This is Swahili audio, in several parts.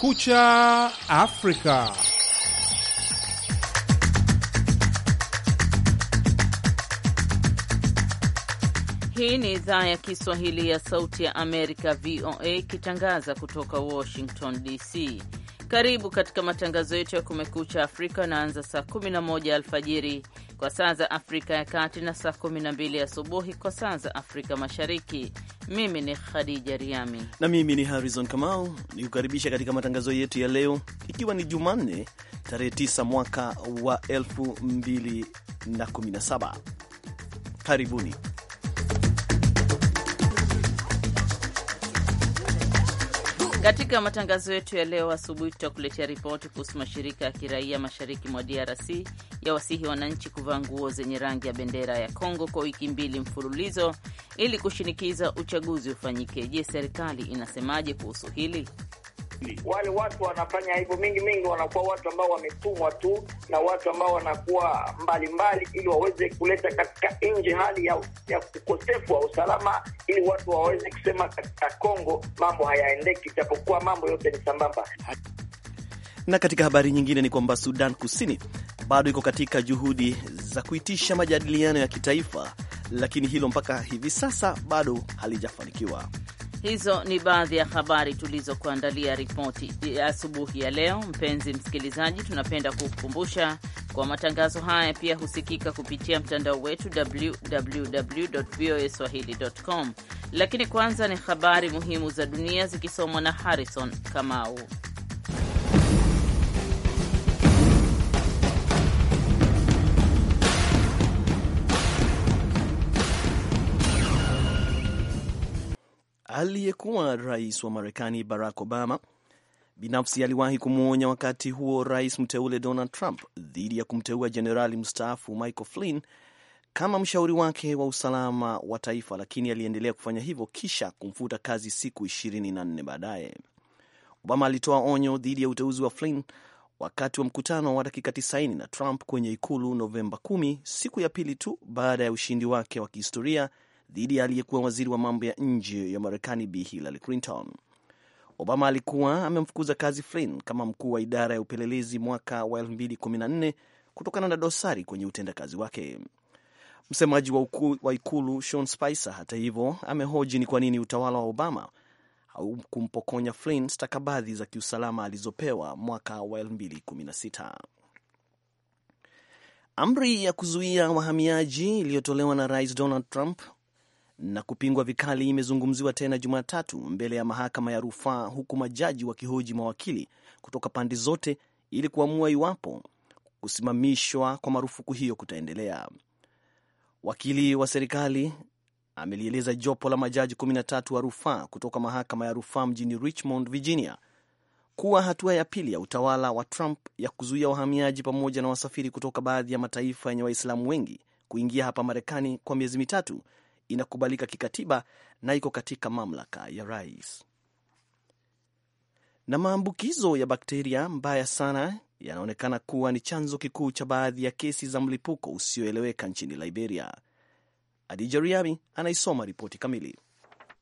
Kumekucha Afrika. Hii ni idhaa ya Kiswahili ya Sauti ya Amerika, VOA, ikitangaza kutoka Washington DC. Karibu katika matangazo yetu ya Kumekucha Afrika naanza saa 11 alfajiri kwa saa za Afrika ya Kati na saa 12 asubuhi kwa saa za Afrika Mashariki. Mimi ni Khadija Riami na mimi ni Harrison Kamau nikukaribisha katika matangazo yetu ya leo, ikiwa ni Jumanne tarehe 9 mwaka wa 2017. Karibuni. Katika matangazo yetu ya leo asubuhi, tutakuletea ripoti kuhusu mashirika ya kiraia mashariki mwa DRC ya wasihi wananchi kuvaa nguo zenye rangi ya bendera ya Kongo kwa wiki mbili mfululizo ili kushinikiza uchaguzi ufanyike. Je, serikali inasemaje kuhusu hili? Wale watu wanafanya hivyo mingi mingi, wanakuwa watu ambao wametumwa tu na watu ambao wanakuwa mbalimbali, ili waweze kuleta katika nje hali ya, ya ukosefu wa usalama, ili watu waweze kusema katika Kongo mambo hayaendeki, japokuwa mambo yote ni sambamba. Na katika habari nyingine ni kwamba Sudan Kusini bado iko katika juhudi za kuitisha majadiliano ya kitaifa, lakini hilo mpaka hivi sasa bado halijafanikiwa. Hizo ni baadhi ya habari tulizokuandalia ripoti asubuhi ya leo. Mpenzi msikilizaji, tunapenda kukukumbusha kwa matangazo haya pia husikika kupitia mtandao wetu www voa swahilicom Lakini kwanza ni habari muhimu za dunia zikisomwa na Harrison Kamau. aliyekuwa rais wa Marekani Barack Obama binafsi aliwahi kumwonya wakati huo rais mteule Donald Trump dhidi ya kumteua jenerali mstaafu Michael Flynn kama mshauri wake wa usalama wa taifa, lakini aliendelea kufanya hivyo kisha kumfuta kazi siku 24 baadaye. Obama alitoa onyo dhidi ya uteuzi wa Flynn wakati wa mkutano wa dakika 90 na Trump kwenye ikulu Novemba 10, siku ya pili tu baada ya ushindi wake wa kihistoria dhidi ya aliyekuwa waziri wa mambo ya nje ya Marekani Bi Hillary Clinton. Obama alikuwa amemfukuza kazi Flynn kama mkuu wa idara ya upelelezi mwaka wa 2014 kutokana na dosari kwenye utendakazi wake. Msemaji wa, uku, wa ikulu Sean Spicer, hata hivyo, amehoji ni kwa nini utawala wa Obama haukumpokonya Flynn stakabadhi za kiusalama alizopewa mwaka wa 2016. Amri ya kuzuia wahamiaji iliyotolewa na Rais Donald Trump na kupingwa vikali imezungumziwa tena Jumatatu mbele ya mahakama ya rufaa, huku majaji wakihoji mawakili kutoka pande zote ili kuamua iwapo kusimamishwa kwa marufuku hiyo kutaendelea. Wakili wa serikali amelieleza jopo la majaji 13 wa rufaa kutoka mahakama ya rufaa mjini Richmond, Virginia, kuwa hatua ya pili ya utawala wa Trump ya kuzuia wahamiaji pamoja na wasafiri kutoka baadhi ya mataifa yenye Waislamu wengi kuingia hapa Marekani kwa miezi mitatu inakubalika kikatiba na iko katika mamlaka ya rais. Na maambukizo ya bakteria mbaya sana yanaonekana kuwa ni chanzo kikuu cha baadhi ya kesi za mlipuko usioeleweka nchini Liberia. Adija Riami anaisoma ripoti kamili.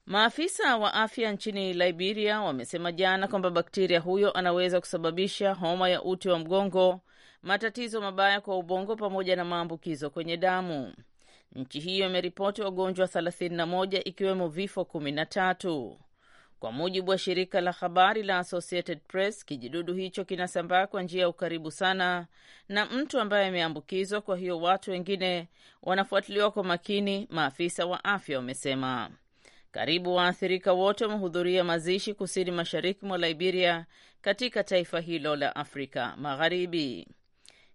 Maafisa wa afya nchini Liberia wamesema jana kwamba bakteria huyo anaweza kusababisha homa ya uti wa mgongo, matatizo mabaya kwa ubongo, pamoja na maambukizo kwenye damu. Nchi hiyo imeripoti wagonjwa 31 ikiwemo vifo 13. Kwa mujibu wa shirika la habari la Associated Press, kijidudu hicho kinasambaa kwa njia ya ukaribu sana na mtu ambaye ameambukizwa, kwa hiyo watu wengine wanafuatiliwa kwa makini, maafisa wa afya wamesema. Karibu waathirika wote wamehudhuria mazishi kusini mashariki mwa Liberia, katika taifa hilo la Afrika Magharibi.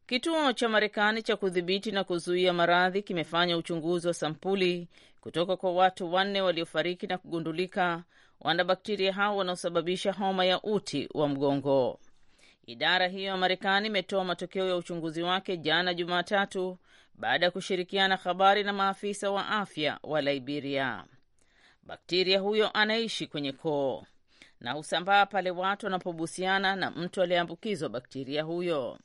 Kituo cha Marekani cha kudhibiti na kuzuia maradhi kimefanya uchunguzi wa sampuli kutoka kwa watu wanne waliofariki na kugundulika wana bakteria hao wanaosababisha homa ya uti wa mgongo. Idara hiyo ya Marekani imetoa matokeo ya uchunguzi wake jana Jumatatu baada ya kushirikiana habari na maafisa wa afya wa Liberia. Bakteria huyo anaishi kwenye koo na husambaa pale watu wanapobusiana na mtu aliyeambukizwa bakteria huyo.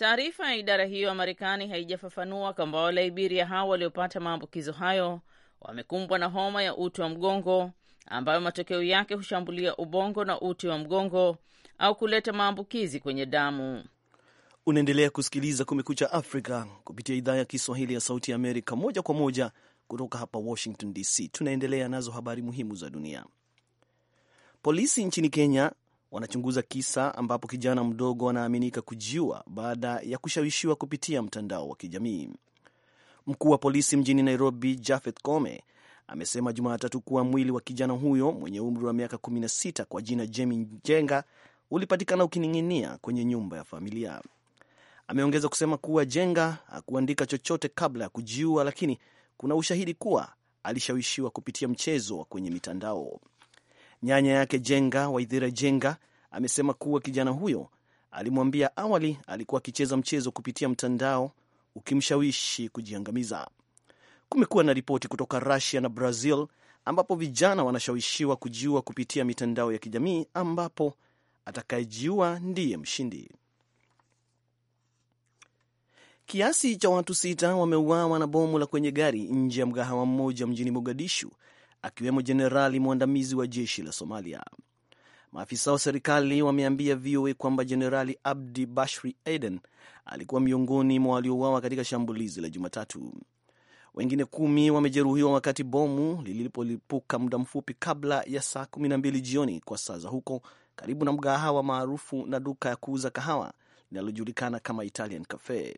Taarifa ya idara hiyo ya Marekani haijafafanua kwamba Walaiberia hao waliopata maambukizo hayo wamekumbwa na homa ya uti wa mgongo ambayo matokeo yake hushambulia ubongo na uti wa mgongo au kuleta maambukizi kwenye damu. Unaendelea kusikiliza Kumekucha Afrika kupitia idhaa ya Kiswahili ya Sauti ya Amerika, moja kwa moja kutoka hapa Washington DC. Tunaendelea nazo habari muhimu za dunia. Polisi nchini Kenya wanachunguza kisa ambapo kijana mdogo anaaminika kujiua baada ya kushawishiwa kupitia mtandao wa kijamii. Mkuu wa polisi mjini Nairobi, Jafeth Kome, amesema Jumatatu kuwa mwili wa kijana huyo mwenye umri wa miaka 16 kwa jina Jemi Jenga ulipatikana ukining'inia kwenye nyumba ya familia. Ameongeza kusema kuwa Jenga hakuandika chochote kabla ya kujiua, lakini kuna ushahidi kuwa alishawishiwa kupitia mchezo wa kwenye mitandao. Nyanya yake Jenga Waithira Jenga amesema kuwa kijana huyo alimwambia awali alikuwa akicheza mchezo kupitia mtandao ukimshawishi kujiangamiza. Kumekuwa na ripoti kutoka rasia na Brazil ambapo vijana wanashawishiwa kujiua kupitia mitandao ya kijamii ambapo atakayejiua ndiye mshindi. Kiasi cha watu sita wameuawa na bomu la kwenye gari nje ya mgahawa mmoja mjini Mogadishu akiwemo jenerali mwandamizi wa jeshi la Somalia. Maafisa wa serikali wameambia VOA kwamba jenerali Abdi Bashri Aden alikuwa miongoni mwa waliouawa katika shambulizi la Jumatatu. Wengine kumi wamejeruhiwa wakati bomu lilipolipuka muda mfupi kabla ya saa kumi na mbili jioni kwa saa za huko, karibu na mgahawa maarufu na duka ya kuuza kahawa linalojulikana kama Italian Cafe.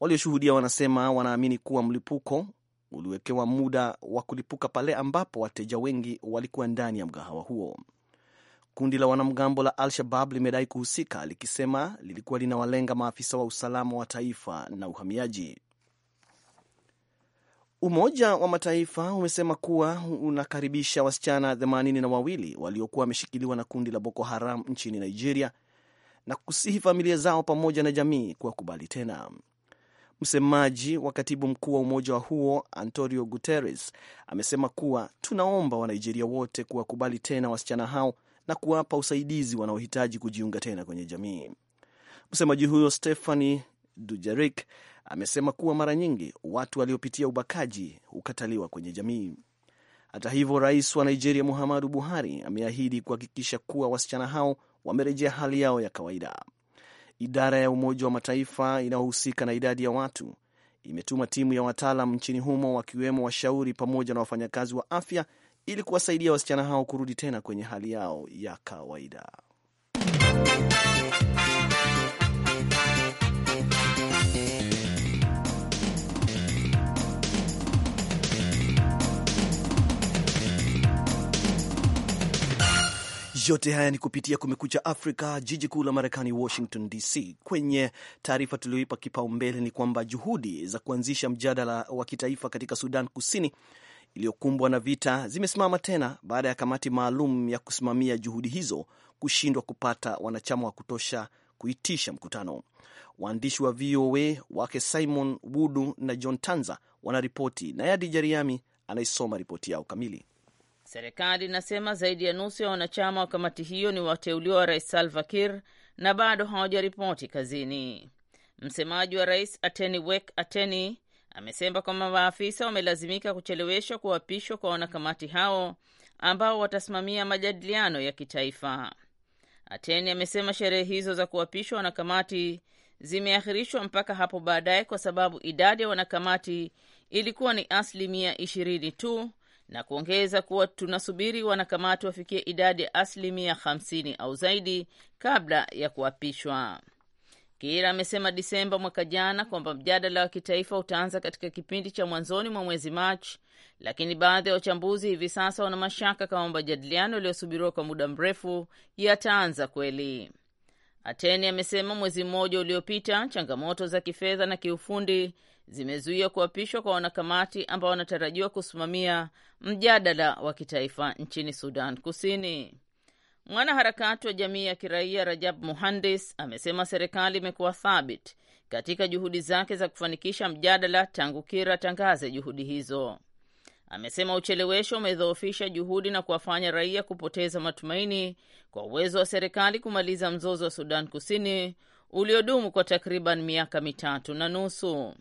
Walioshuhudia wanasema wanaamini kuwa mlipuko uliwekewa muda wa kulipuka pale ambapo wateja wengi walikuwa ndani ya mgahawa huo. Kundi la wanamgambo la Al-Shabab limedai kuhusika likisema lilikuwa linawalenga maafisa wa usalama wa taifa na uhamiaji. Umoja wa Mataifa umesema kuwa unakaribisha wasichana themanini na wawili waliokuwa wameshikiliwa na kundi la Boko Haram nchini Nigeria na kusihi familia zao pamoja na jamii kuwakubali tena. Msemaji wa katibu mkuu wa umoja wa huo Antonio Guterres amesema kuwa tunaomba Wanigeria wote kuwakubali tena wasichana hao na kuwapa usaidizi wanaohitaji kujiunga tena kwenye jamii. Msemaji huyo stehani dujerik amesema kuwa mara nyingi watu waliopitia ubakaji hukataliwa kwenye jamii. Hata hivyo, rais wa Nigeria Muhammadu Buhari ameahidi kuhakikisha kuwa wasichana hao wamerejea hali yao ya kawaida. Idara ya Umoja wa Mataifa inayohusika na idadi ya watu imetuma timu ya wataalam nchini humo wakiwemo washauri pamoja na wafanyakazi wa afya ili kuwasaidia wasichana hao kurudi tena kwenye hali yao ya kawaida. Yote haya ni kupitia Kumekucha Afrika, jiji kuu la Marekani, Washington DC. Kwenye taarifa tulioipa kipaumbele ni kwamba juhudi za kuanzisha mjadala wa kitaifa katika Sudan Kusini iliyokumbwa na vita zimesimama tena baada ya kamati maalum ya kusimamia juhudi hizo kushindwa kupata wanachama wa kutosha kuitisha mkutano. Waandishi wa VOA wake Simon Wudu na John Tanza wanaripoti na Yadi Jariami anaisoma ripoti yao kamili. Serikali inasema zaidi ya nusu ya wanachama wa kamati hiyo ni wateuliwa wa Rais Salva Kiir na bado hawajaripoti kazini. Msemaji wa rais Ateni Wek Ateni amesema kwamba maafisa wamelazimika kucheleweshwa kuapishwa kwa wanakamati hao ambao watasimamia majadiliano ya kitaifa. Ateni amesema sherehe hizo za kuapishwa wanakamati zimeahirishwa mpaka hapo baadaye kwa sababu idadi ya wanakamati ilikuwa ni asilimia ishirini tu na kuongeza kuwa tunasubiri wanakamati wafikie idadi ya asilimia 50 au zaidi kabla ya kuapishwa. Kira amesema Disemba mwaka jana kwamba mjadala wa kitaifa utaanza katika kipindi cha mwanzoni mwa mwezi Machi, lakini baadhi ya wachambuzi hivi sasa wana mashaka kama majadiliano yaliyosubiriwa kwa muda mrefu yataanza kweli. Ateni amesema mwezi mmoja uliopita, changamoto za kifedha na kiufundi zimezuia kuapishwa kwa wanakamati ambao wanatarajiwa kusimamia mjadala wa kitaifa nchini Sudan Kusini. Mwanaharakati wa jamii ya kiraia Rajab Muhandis amesema serikali imekuwa thabiti katika juhudi zake za kufanikisha mjadala tangu kira tangaze juhudi hizo amesema uchelewesho umedhoofisha juhudi na kuwafanya raia kupoteza matumaini kwa uwezo wa serikali kumaliza mzozo wa Sudan Kusini uliodumu kwa takriban miaka mitatu na nusu.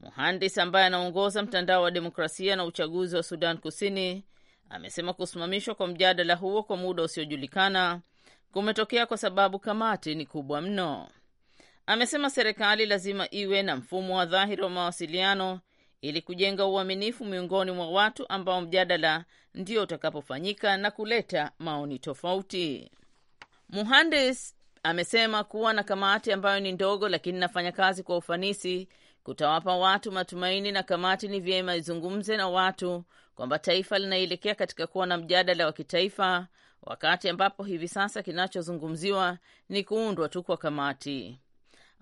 Muhandis ambaye anaongoza mtandao wa demokrasia na uchaguzi wa Sudan Kusini amesema kusimamishwa kwa mjadala huo kwa muda usiojulikana kumetokea kwa sababu kamati ni kubwa mno. Amesema serikali lazima iwe na mfumo wa dhahiri wa mawasiliano ili kujenga uaminifu miongoni mwa watu ambao mjadala ndio utakapofanyika na kuleta maoni tofauti. Muhandis amesema kuwa na kamati ambayo ni ndogo lakini inafanya kazi kwa ufanisi kutawapa watu matumaini, na kamati ni vyema izungumze na watu kwamba taifa linaelekea katika kuwa na mjadala wa kitaifa, wakati ambapo hivi sasa kinachozungumziwa ni kuundwa tu kwa kamati.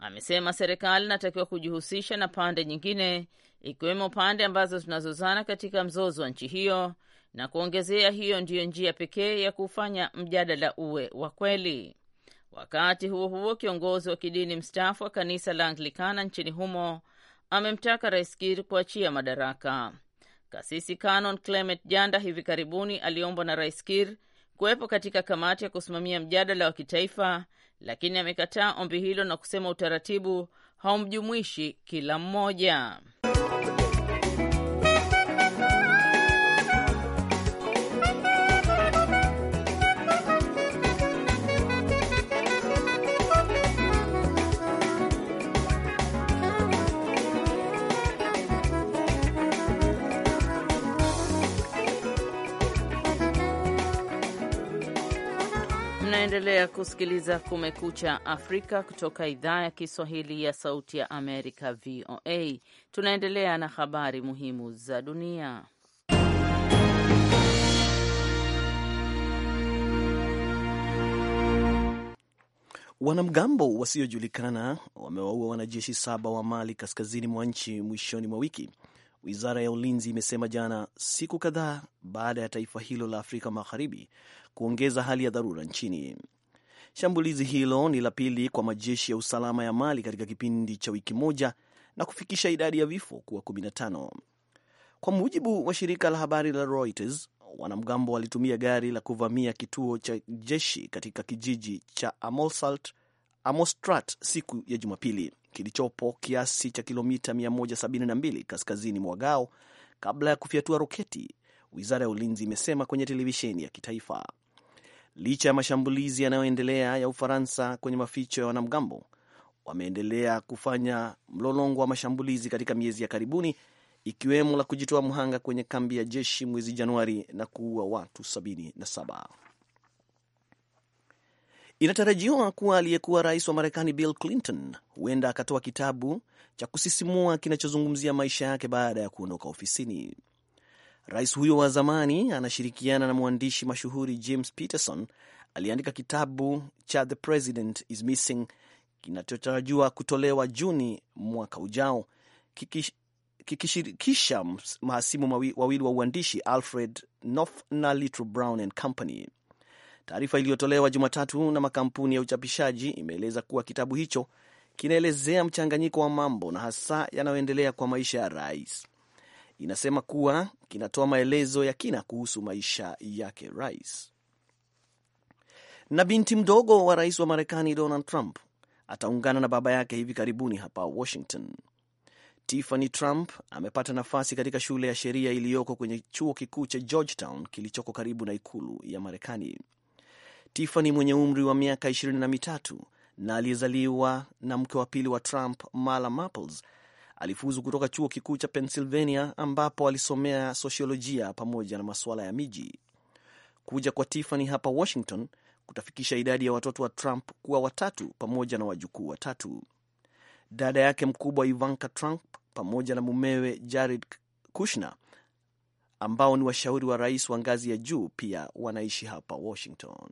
Amesema serikali inatakiwa kujihusisha na pande nyingine ikiwemo pande ambazo zinazozana katika mzozo wa nchi hiyo, na kuongezea, hiyo ndiyo njia pekee ya kufanya mjadala uwe wa kweli. Wakati huo huo, kiongozi wa kidini mstaafu wa kanisa la Anglikana nchini humo amemtaka Rais Kiir kuachia madaraka. Kasisi Canon Clement Janda hivi karibuni aliombwa na Rais Kiir kuwepo katika kamati ya kusimamia mjadala wa kitaifa lakini amekataa ombi hilo na kusema utaratibu haumjumuishi kila mmoja. Unaendelea kusikiliza Kumekucha Afrika kutoka idhaa ya Kiswahili ya Sauti ya Amerika, VOA. Tunaendelea na habari muhimu za dunia. Wanamgambo wasiojulikana wamewaua wanajeshi saba wa Mali kaskazini mwa nchi mwishoni mwa wiki, wizara ya ulinzi imesema jana, siku kadhaa baada ya taifa hilo la Afrika Magharibi kuongeza hali ya dharura nchini. Shambulizi hilo ni la pili kwa majeshi ya usalama ya Mali katika kipindi cha wiki moja na kufikisha idadi ya vifo kuwa 15 kwa mujibu wa shirika la habari la Reuters. Wanamgambo walitumia gari la kuvamia kituo cha jeshi katika kijiji cha Amosalt, Amostrat siku ya Jumapili kilichopo kiasi cha kilomita 172 kaskazini mwa Gao kabla ya kufyatua roketi, wizara ya ulinzi imesema kwenye televisheni ya kitaifa. Licha ya mashambulizi yanayoendelea ya Ufaransa kwenye maficho ya wanamgambo, wameendelea kufanya mlolongo wa mashambulizi katika miezi ya karibuni, ikiwemo la kujitoa mhanga kwenye kambi ya jeshi mwezi Januari na kuua watu 77. Inatarajiwa kuwa aliyekuwa rais wa Marekani Bill Clinton huenda akatoa kitabu cha kusisimua kinachozungumzia maisha yake baada ya kuondoka ofisini. Rais huyo wa zamani anashirikiana na mwandishi mashuhuri James Peterson aliandika kitabu cha The President is Missing kinachotarajiwa kutolewa Juni mwaka ujao Kikish, kikishirikisha mahasimu wawili wa uandishi Alfred North na Little Brown and Company. Taarifa iliyotolewa Jumatatu na makampuni ya uchapishaji imeeleza kuwa kitabu hicho kinaelezea mchanganyiko wa mambo na hasa yanayoendelea kwa maisha ya rais inasema kuwa kinatoa maelezo ya kina kuhusu maisha yake rais. Na binti mdogo wa rais wa Marekani Donald Trump ataungana na baba yake hivi karibuni hapa Washington. Tiffany Trump amepata nafasi katika shule ya sheria iliyoko kwenye chuo kikuu cha Georgetown kilichoko karibu na ikulu ya Marekani. Tiffany mwenye umri wa miaka ishirini na mitatu na aliyezaliwa na mke wa pili wa Trump, mala Maples, Alifuzu kutoka chuo kikuu cha Pennsylvania ambapo alisomea sosiolojia pamoja na masuala ya miji. Kuja kwa Tiffany hapa Washington kutafikisha idadi ya watoto wa Trump kuwa watatu pamoja na wajukuu watatu. Dada yake mkubwa Ivanka Trump pamoja na mumewe Jared Kushner ambao ni washauri wa rais wa ngazi ya juu pia wanaishi hapa Washington.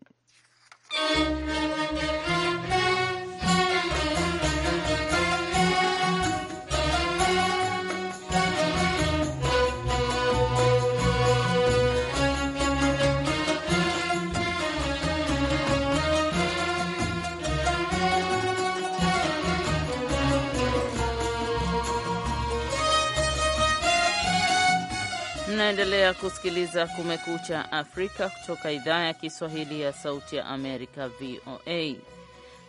Unaendelea kusikiliza Kumekucha Afrika kutoka idhaa ya Kiswahili ya Sauti ya Amerika, VOA.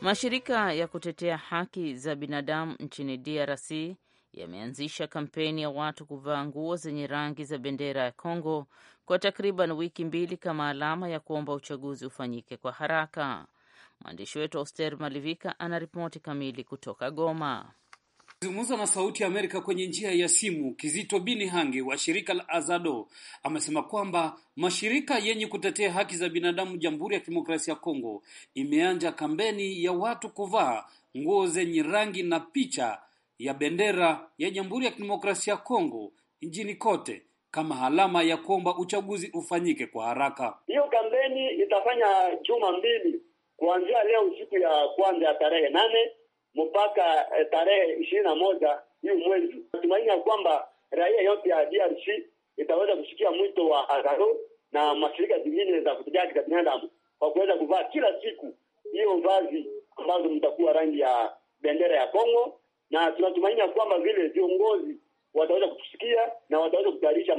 Mashirika ya kutetea haki za binadamu nchini DRC yameanzisha kampeni ya watu kuvaa nguo zenye rangi za bendera ya Kongo kwa takriban wiki mbili kama alama ya kuomba uchaguzi ufanyike kwa haraka. Mwandishi wetu Auster Malivika ana ripoti kamili kutoka Goma. Akizungumza na Sauti ya Amerika kwenye njia ya simu, Kizito Bini Hangi wa shirika la Azado amesema kwamba mashirika yenye kutetea haki za binadamu Jamhuri ya Kidemokrasia ya Kongo imeanja kampeni ya watu kuvaa nguo zenye rangi na picha ya bendera ya Jamhuri ya Kidemokrasia ya Kongo nchini kote kama alama ya kuomba uchaguzi ufanyike kwa haraka. Hiyo kampeni itafanya juma mbili kuanzia leo, siku ya kwanza ya tarehe nane mpaka eh, tarehe ishirini na moja hiyo mwezi. Natumaini ya kwamba raia yote ya DRC itaweza kushikia mwito wa Agaro na mashirika zingine za kutetea za binadamu kwa kuweza kuvaa kila siku hiyo vazi ambazo mtakuwa rangi ya bendera ya Kongo, na tunatumaini ya kwamba vile viongozi wataweza kutusikia na wataweza kutayarisha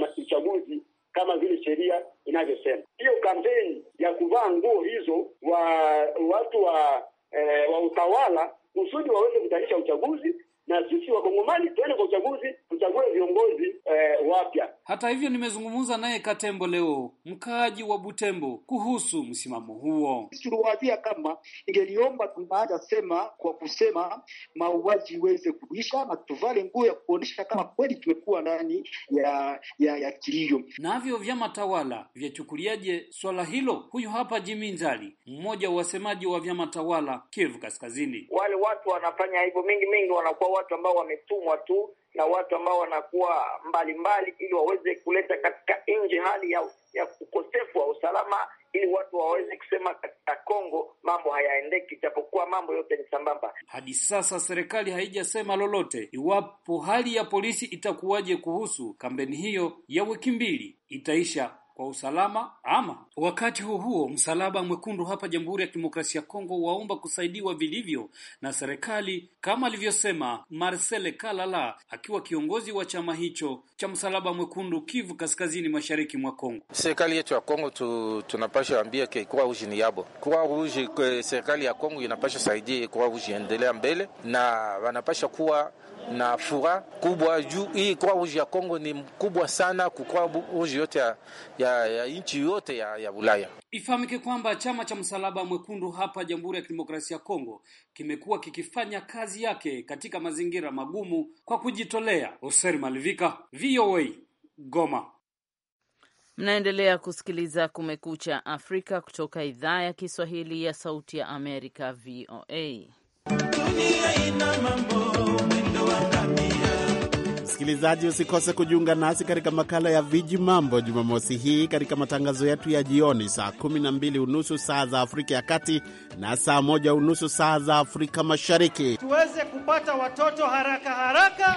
hivyo nimezungumza naye Katembo leo, mkaaji wa Butembo, kuhusu msimamo huo. tuliwaambia kama ingeliomba tunaaja sema kwa kusema mauaji iweze kuisha na tuvale nguo ya kuonyesha kama kweli tumekuwa ndani ya, ya, ya kilio. Navyo vyama tawala vyachukuliaje swala hilo? Huyu hapa Jimi Nzali, mmoja wa wasemaji wa vyama tawala Kivu Kaskazini. Wale watu wanafanya hivyo mingi mingi, wanakuwa watu ambao wametumwa tu na watu ambao wanakuwa mbalimbali, ili waweze kuleta katika nje hali ya, ya ukosefu wa usalama, ili watu waweze kusema katika Kongo mambo hayaendeki, japokuwa mambo yote ni sambamba. Hadi sasa serikali haijasema lolote iwapo hali ya polisi itakuwaje kuhusu kampeni hiyo ya wiki mbili itaisha kwa usalama ama. Wakati huo huo, Msalaba Mwekundu hapa Jamhuri ya Kidemokrasia ya Kongo waomba kusaidiwa vilivyo na serikali, kama alivyosema Marcel Kalala akiwa kiongozi wa chama hicho cha Msalaba Mwekundu Kivu Kaskazini, mashariki mwa Kongo. Serikali yetu ya Kongo tu, tunapasha ambia ke kwa uji ni yabo kwa uji, eh, serikali ya Kongo inapasha saidia kwa uji endelea mbele na wanapasha kuwa na furaha kubwa juu hii kwa uji ya Kongo ni mkubwa sana ku uji yote ya, ya, ya nchi yote ya, ya Ulaya. Ifahamike kwamba chama cha Msalaba Mwekundu hapa Jamhuri ya Kidemokrasia ya Kongo kimekuwa kikifanya kazi yake katika mazingira magumu kwa kujitolea. Oser Malivika, VOA Goma. Mnaendelea kusikiliza Kumekucha Afrika kutoka idhaa ya Kiswahili ya Sauti ya Amerika, VOA. Msikilizaji, usikose kujiunga nasi katika makala ya viji mambo Jumamosi hii katika matangazo yetu ya jioni saa 12 unusu saa za Afrika ya Kati na saa moja unusu saa za Afrika Mashariki, tuweze kupata watoto haraka haraka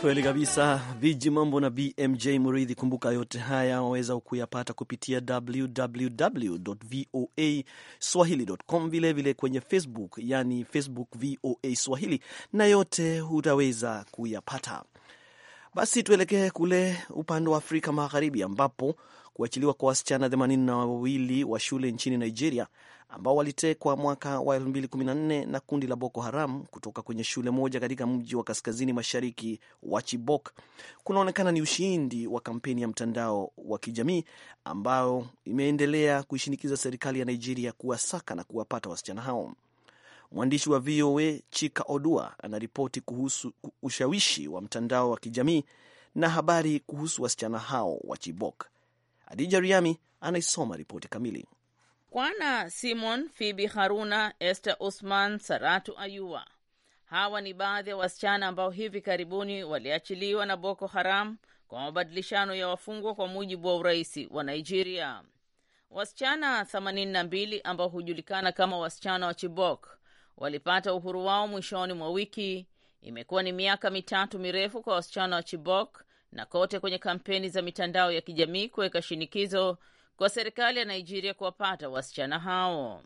Kweli kabisa, viji mambo na BMJ Mridhi. Kumbuka yote haya waweza kuyapata kupitia www voa swahili.com, vilevile kwenye Facebook, yani Facebook VOA Swahili, na yote utaweza kuyapata. Basi tuelekee kule upande wa Afrika Magharibi ambapo kuachiliwa kwa wasichana themanini na wawili wa shule nchini Nigeria ambao walitekwa mwaka wa 2014 na kundi la Boko Haram kutoka kwenye shule moja katika mji wa kaskazini mashariki wa Chibok kunaonekana ni ushindi wa kampeni ya mtandao wa kijamii ambayo imeendelea kuishinikiza serikali ya Nigeria kuwasaka na kuwapata wasichana hao. Mwandishi wa VOA Chika Odua anaripoti kuhusu ushawishi wa mtandao wa kijamii na habari kuhusu wasichana hao wa Chibok. Adija Riami anaisoma ripoti kamili. Kwana Simon, Fibi Haruna, Esther usman Saratu ayua hawa ni baadhi ya wasichana ambao hivi karibuni waliachiliwa na Boko Haram kwa mabadilishano ya wafungwa, kwa mujibu wa uraisi wa Nigeria. Wasichana 82 ambao hujulikana kama wasichana wa Chibok walipata uhuru wao mwishoni mwa wiki. Imekuwa ni miaka mitatu mirefu kwa wasichana wa Chibok na kote kwenye kampeni za mitandao ya kijamii kuweka shinikizo kwa serikali ya Nigeria kuwapata wasichana hao.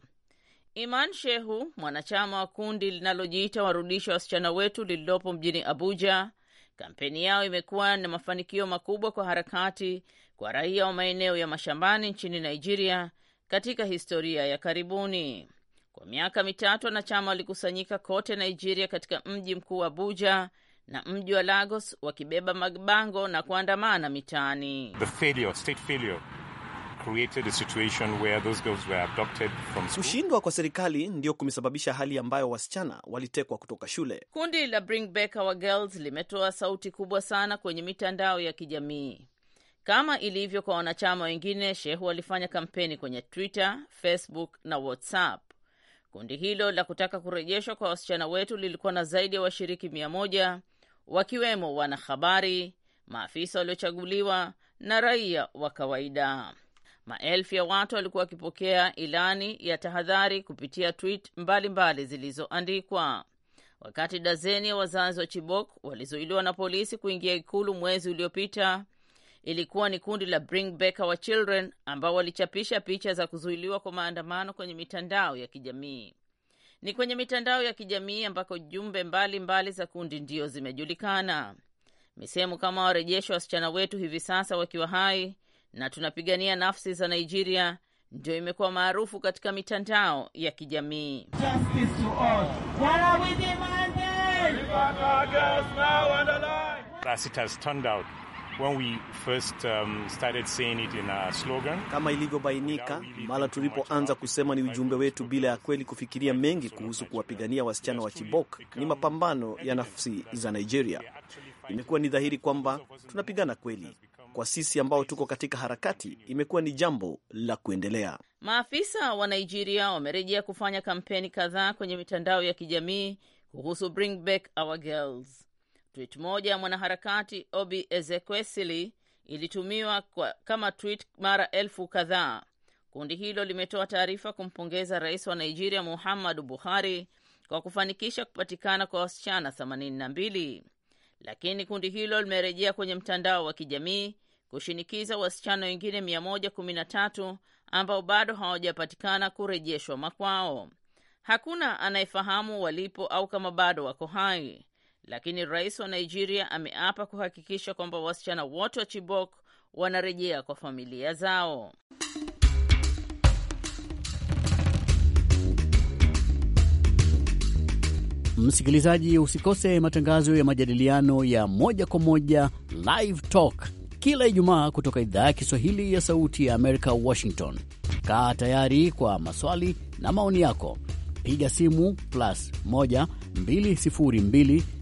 Iman Shehu, mwanachama wa kundi linalojiita warudisha wasichana wetu lililopo mjini Abuja, kampeni yao imekuwa na mafanikio makubwa kwa harakati kwa raia wa maeneo ya mashambani nchini Nigeria katika historia ya karibuni. Kwa miaka mitatu wanachama walikusanyika kote Nigeria katika mji mkuu Abuja na mji wa Lagos wakibeba mabango na kuandamana mitaani. Kushindwa kwa serikali ndio kumesababisha hali ambayo wasichana walitekwa kutoka shule. Kundi la Bring Back Our Girls limetoa sauti kubwa sana kwenye mitandao ya kijamii. Kama ilivyo kwa wanachama wengine, Shehu walifanya kampeni kwenye Twitter, Facebook na WhatsApp. Kundi hilo la kutaka kurejeshwa kwa wasichana wetu lilikuwa na zaidi ya washiriki mia moja wakiwemo wanahabari, maafisa waliochaguliwa na raia wa kawaida. Maelfu ya watu walikuwa wakipokea ilani ya tahadhari kupitia tweet mbalimbali zilizoandikwa, wakati dazeni ya wazazi wa Chibok walizuiliwa na polisi kuingia ikulu mwezi uliopita. Ilikuwa ni kundi la Bring Back Our Children ambao walichapisha picha za kuzuiliwa kwa maandamano kwenye mitandao ya kijamii ni kwenye mitandao ya kijamii ambako jumbe mbalimbali mbali za kundi ndio zimejulikana. Misemo kama warejeshe wasichana wetu hivi sasa wakiwa hai na tunapigania nafsi za Nigeria ndio imekuwa maarufu katika mitandao ya kijamii. It has turned out When we first, um, started saying it in a slogan, kama ilivyobainika mara tulipoanza kusema ni ujumbe wetu bila ya kweli kufikiria mengi kuhusu kuwapigania wasichana wa Chibok, ni mapambano ya nafsi za Nigeria. Imekuwa ni dhahiri kwamba tunapigana kweli. Kwa sisi ambao tuko katika harakati, imekuwa ni jambo la kuendelea. Maafisa wa Nigeria wamerejea kufanya kampeni kadhaa kwenye mitandao ya kijamii kuhusu Bring Back Our Girls. Tweet moja ya mwanaharakati Obi Ezekwesili ilitumiwa kwa, kama twit mara elfu kadhaa. Kundi hilo limetoa taarifa kumpongeza rais wa Nigeria Muhammadu Buhari kwa kufanikisha kupatikana kwa wasichana 82 lakini kundi hilo limerejea kwenye mtandao wa kijamii kushinikiza wasichana wengine 113 ambao bado hawajapatikana kurejeshwa makwao. Hakuna anayefahamu walipo au kama bado wako hai lakini rais wa Nigeria ameapa kuhakikisha kwamba wasichana wote wa Chibok wanarejea kwa familia zao. Msikilizaji, usikose matangazo ya majadiliano ya moja kwa moja Live Talk kila Ijumaa kutoka idhaa ya Kiswahili ya Sauti ya Amerika, Washington. Kaa tayari kwa maswali na maoni yako, piga simu plus 1 202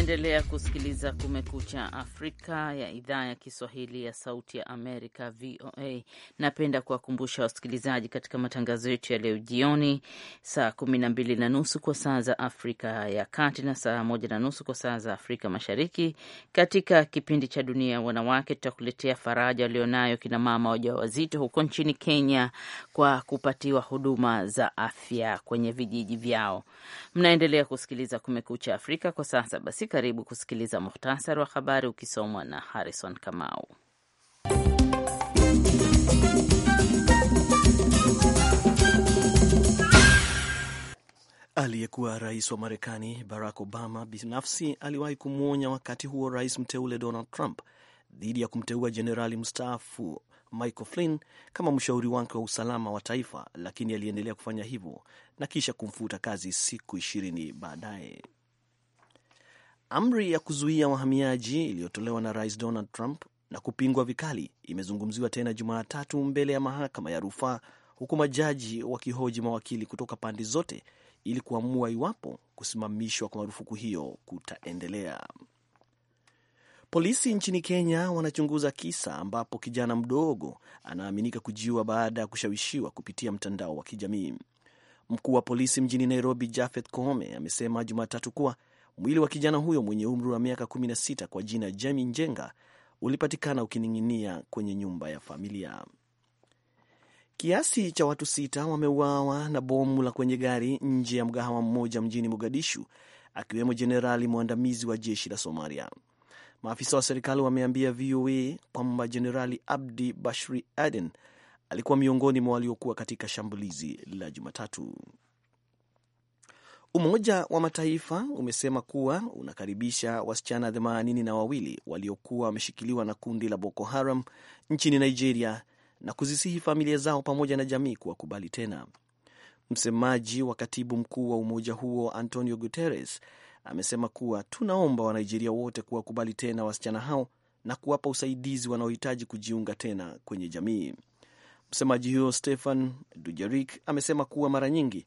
Unaendelea kusikiliza Kumekucha Afrika ya idhaa ya Kiswahili ya Sauti ya Amerika, VOA. Napenda kuwakumbusha wasikilizaji katika matangazo yetu ya leo jioni saa kumi na mbili na nusu kwa saa za Afrika ya Kati na saa moja na nusu kwa saa za Afrika Mashariki. Katika kipindi cha Dunia ya Wanawake, tutakuletea faraja walionayo kinamama wajawazito huko nchini Kenya kwa kupatiwa huduma za afya kwenye vijiji vyao. Mnaendelea kusikiliza Kumekucha Afrika kwa sasa basi karibu kusikiliza muhtasari wa habari ukisomwa na Harrison Kamau. Aliyekuwa rais wa Marekani Barack Obama binafsi aliwahi kumwonya wakati huo rais mteule Donald Trump dhidi ya kumteua jenerali mstaafu Michael Flynn kama mshauri wake wa usalama wa taifa, lakini aliendelea kufanya hivyo na kisha kumfuta kazi siku ishirini baadaye. Amri ya kuzuia wahamiaji iliyotolewa na Rais Donald Trump na kupingwa vikali imezungumziwa tena Jumatatu mbele ya mahakama ya rufaa huku majaji wakihoji mawakili kutoka pande zote ili kuamua iwapo kusimamishwa kwa marufuku hiyo kutaendelea. Polisi nchini Kenya wanachunguza kisa ambapo kijana mdogo anaaminika kujiua baada ya kushawishiwa kupitia mtandao wa kijamii. Mkuu wa polisi mjini Nairobi, Jafeth Koome, amesema Jumatatu kuwa Mwili wa kijana huyo mwenye umri wa miaka 16 kwa jina Jemi Njenga ulipatikana ukining'inia kwenye nyumba ya familia. Kiasi cha watu sita wameuawa na bomu la kwenye gari nje ya mgahawa mmoja mjini Mogadishu, akiwemo jenerali mwandamizi wa jeshi la Somalia. Maafisa wa serikali wameambia VOA kwamba Jenerali Abdi Bashri Aden alikuwa miongoni mwa waliokuwa katika shambulizi la Jumatatu. Umoja wa Mataifa umesema kuwa unakaribisha wasichana themanini na wawili waliokuwa wameshikiliwa na kundi la Boko Haram nchini Nigeria na kuzisihi familia zao pamoja na jamii kuwakubali tena. Msemaji wa katibu mkuu wa umoja huo Antonio Guterres amesema kuwa tunaomba Wanigeria wote kuwakubali tena wasichana hao na kuwapa usaidizi wanaohitaji kujiunga tena kwenye jamii. Msemaji huyo Stefan Dujarik amesema kuwa mara nyingi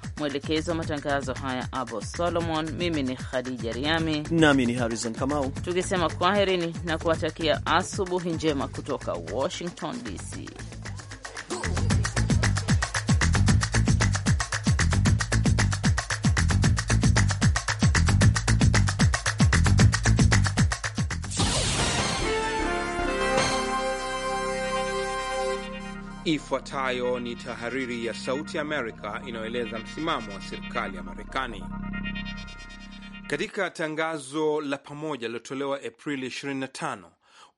Mwelekezi wa matangazo haya Abo Solomon, mimi ni Khadija Riami nami ni Harrison Kamau, tukisema kwaherini na kuwatakia asubuhi njema kutoka Washington DC. Ifuatayo ni tahariri ya Sauti Amerika inayoeleza msimamo wa serikali ya Marekani. Katika tangazo la pamoja lilotolewa Aprili 25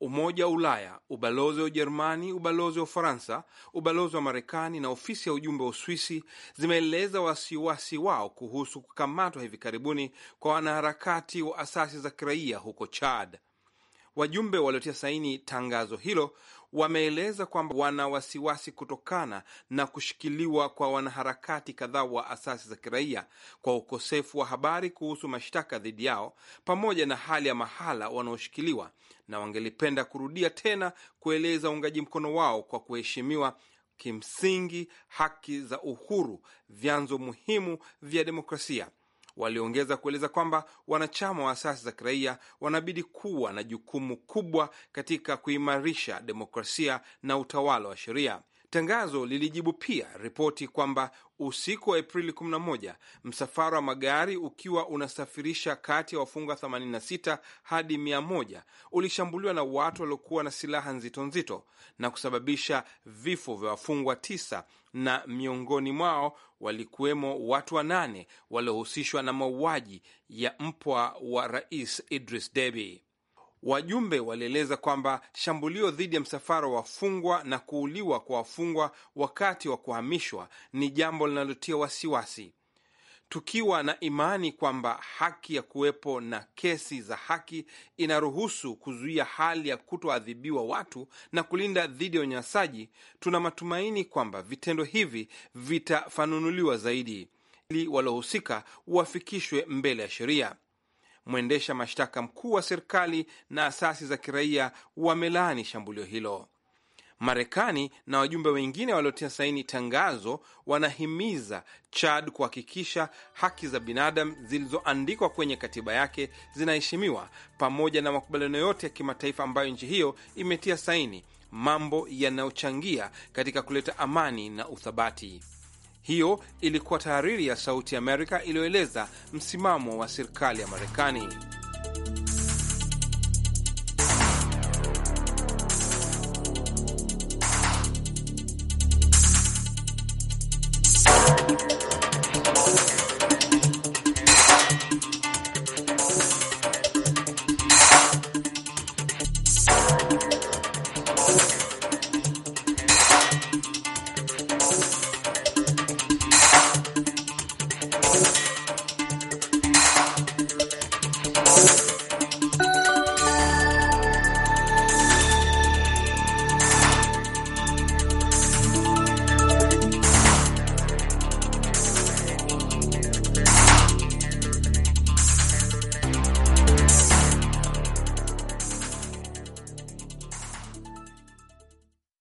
Umoja wa Ulaya, ubalozi wa Ujerumani, ubalozi wa Ufaransa, ubalozi wa Marekani na ofisi ya ujumbe wa Uswisi zimeeleza wasiwasi wao kuhusu kukamatwa hivi karibuni kwa wanaharakati wa asasi za kiraia huko Chad. Wajumbe waliotia saini tangazo hilo wameeleza kwamba wana wasiwasi kutokana na kushikiliwa kwa wanaharakati kadhaa wa asasi za kiraia kwa ukosefu wa habari kuhusu mashtaka dhidi yao pamoja na hali ya mahala wanaoshikiliwa, na wangelipenda kurudia tena kueleza uungaji mkono wao kwa kuheshimiwa kimsingi haki za uhuru, vyanzo muhimu vya demokrasia Waliongeza kueleza kwamba wanachama wa asasi za kiraia wanabidi kuwa na jukumu kubwa katika kuimarisha demokrasia na utawala wa sheria. Tangazo lilijibu pia ripoti kwamba usiku wa Aprili 11 msafara wa magari ukiwa unasafirisha kati ya wafungwa 86 hadi 100 ulishambuliwa na watu waliokuwa na silaha nzito nzito na kusababisha vifo vya wafungwa tisa na miongoni mwao walikuwemo watu wanane waliohusishwa na mauaji ya mpwa wa rais Idris Deby. Wajumbe walieleza kwamba shambulio dhidi ya msafara wa wafungwa na kuuliwa kwa wafungwa wakati wa kuhamishwa ni jambo linalotia wasiwasi tukiwa na imani kwamba haki ya kuwepo na kesi za haki inaruhusu kuzuia hali ya kutoadhibiwa watu na kulinda dhidi ya unyanyasaji, tuna matumaini kwamba vitendo hivi vitafanunuliwa zaidi ili waliohusika wafikishwe mbele ya sheria. Mwendesha mashtaka mkuu wa serikali na asasi za kiraia wamelaani shambulio hilo. Marekani na wajumbe wengine waliotia saini tangazo wanahimiza Chad kuhakikisha haki za binadamu zilizoandikwa kwenye katiba yake zinaheshimiwa pamoja na makubaliano yote ya kimataifa ambayo nchi hiyo imetia saini, mambo yanayochangia katika kuleta amani na uthabati. Hiyo ilikuwa tahariri ya Sauti ya Amerika iliyoeleza msimamo wa serikali ya Marekani.